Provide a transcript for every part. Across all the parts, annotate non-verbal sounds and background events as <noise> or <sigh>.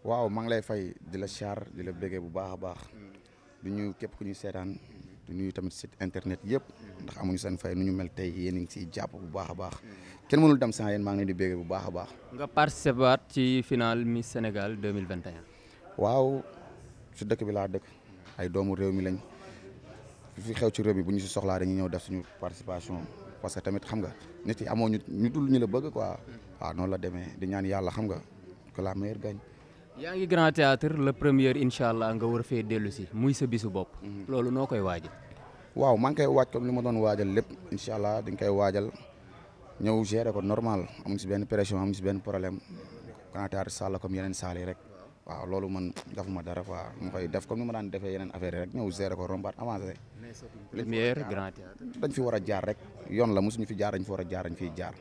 waaw maa ngi lay fay di la siyaar di la béggee bu baax a baax du ñu képp ku ñu seetaan du ñuy tamit site internet yëpp ndax amuñu seen fay nu ñu mel tey yéen a ngi siy jàpp bu baax a baax kenn mënul dem sans yéen maa ngi leen di béggee bu baax a baax. nga participé waat ci final Miss Sénégal 2021. waaw su dëkk bi laa dëkk ay doomu réew mi lañ fi xew ci réew mi bu ñu si soxlaa dañuy ñëw def suñu participation. parce que tamit xam nga nit yi amoo ñu ñu dul ñu la bëgg quoi waaw noonu la demee di ñaan yàlla xam nga que la meilleure gagne. yaa ngi grand théâtre le premier incha allah nga war fee dellu si muy sa bisu bopp. Mhm. loolu noo koy waajal. waaw maa ngi koy waaj comme li ma doon waajal lépp incha allah dañ koy waajal ñëw gérer ko normal amuñ si benn pression amuñ si benn problème grand théâtre salle comme yeneen salle rek. waaw loolu man defuma dara quoi mu koy def comme ni ma daan defee rek ñëw ko rombaat avancé. lumière grand théâtre dañ fi war a jaar rek yoon la mosuñu fi jaar dañ fi war a jaar dañ fiy jaar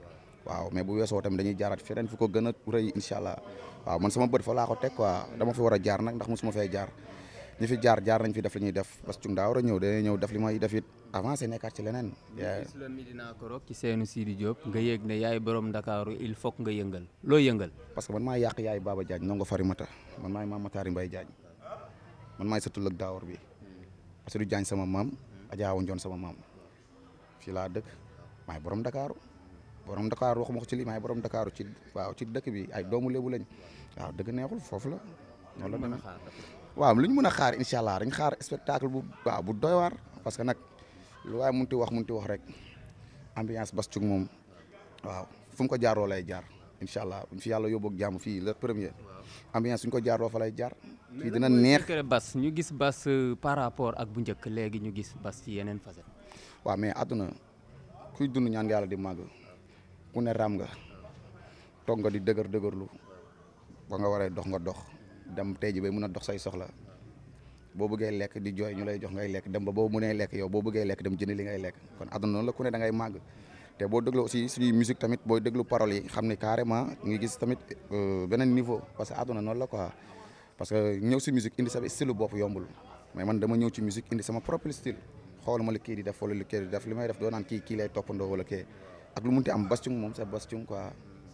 waaw mais bu weesoo tamit dañuy jaaraat feneen fu ko gën a rëy incha allah waaw man sama bët fa laa teg quoi dama fi war a jaar nag ndax mosuma fee jaar a ñëw dañuy ñëw def li may def it avancé nekkaat ci leneen. gis la Médina Korok ci seenu Sidi Diop yaay borom Ndakaaru il faut nga yëngal loo yëngal. parce que man maa yàq yaay Baba Diagne nongo Farimata man maay Mame Matar man maay sa tullak daawar bi Bassirou Diagne sama maam Adja Awa sama maam fii laa dëkk maay borom Dakaaru borom Dakaaru waxuma ko ci lii maay borom Dakaaru ci waaw dëkk bi ay doomu lébu lañ waaw dëgg neexul foofu la loolu la waaw lu ñu mën a xaar incha allah dañ xaar spectacle bu waaw bu doy waar parce que nag lu waaye ti wax munti wax rek ambiance bas Thioung moom waaw fu mu ko jaaroo lay jaar incha allah buñ fi yàlla yóbboog jàmm fii le premier. ambiance suñ ko jaarloo fa lay jaar. fii dina neex bas ñu gis bas euh, par rapport ak bu njëkk léegi ñu gis bas ci yeneen facette. waa mais àdduna kuy dund ñaan nga yàlla di màgg ku ne raam nga toog nga di dëgër dëgërlu ba nga waree dox nga dox dem tey ji bay mun a dox say soxla boo bëggee lekk di jooy ñu lay jox ngay lekk dem ba boo mënee lekk yow boo bëggee lekk dem jënd li ngay lekk kon àdduna noonu la ku ne da te boo déglu aussi suñuy musique tamit boo déglu paroles yi xam ne carrément ngi gis tamit euh, beneen niveau parce que àdduna noonu la quoi parce que ñëw si musique indi sa style bopp yombul mais man dama ñëw ci musique indi sama propre style xool ma li kii di def wala li kii di def li may def doo naan kii kii lay toppandoo wala kii ak lu munti am bastion moom sa bastion quoi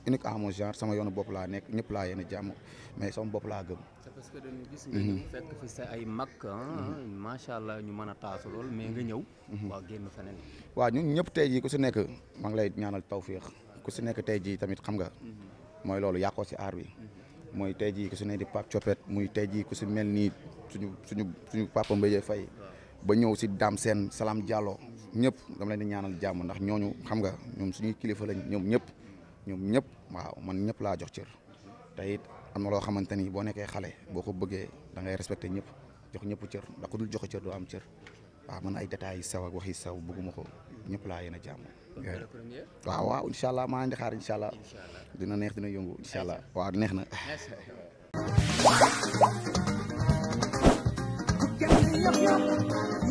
unique à mon genre sama yoonu bopp laa nekk ñëpp laa yéen a jàmm mais sama bopp laa gëm. c'est parce que dañu gis nga mhm. ay mag. Ah, mhm. macha allah ñu mën a taasu lool mais nga mhm. ñëw. waaw génn feneen. waaw ñun ñëpp tey jii ku si nekk maa ngi lay ñaanal tawféex ku si nekk tey jii tamit xam nga. mooy loolu yàqoo si aar bi. mooy tey jii ku si nekk di Pape Thiopet muy tey jii ku si mel nii suñu suñu suñu papa Mbaye Faye ba ñëw si daam seen salaam Diallo ñëpp dama leen di ñaanal jàmm ndax ñooñu xam nga ñoom suñuy kilifa lañ ñoom ñëpp ñoom ñëpp waaw man ñëpp laa jox cër te am na loo xamante ni boo nekkee xale boo ko bëggee da ngay respecté ñëpp jox ñëpp cër ndax ku dul joxe cër doo am cër wa man ay détails yu saw ak wax yu saw bëgguma ko ñëpp laa yéen a jàmm. waaw waaw incha allah maa ngi xaar incha allah. dina neex dina yëngu incha allah waaw neex na. <laughs>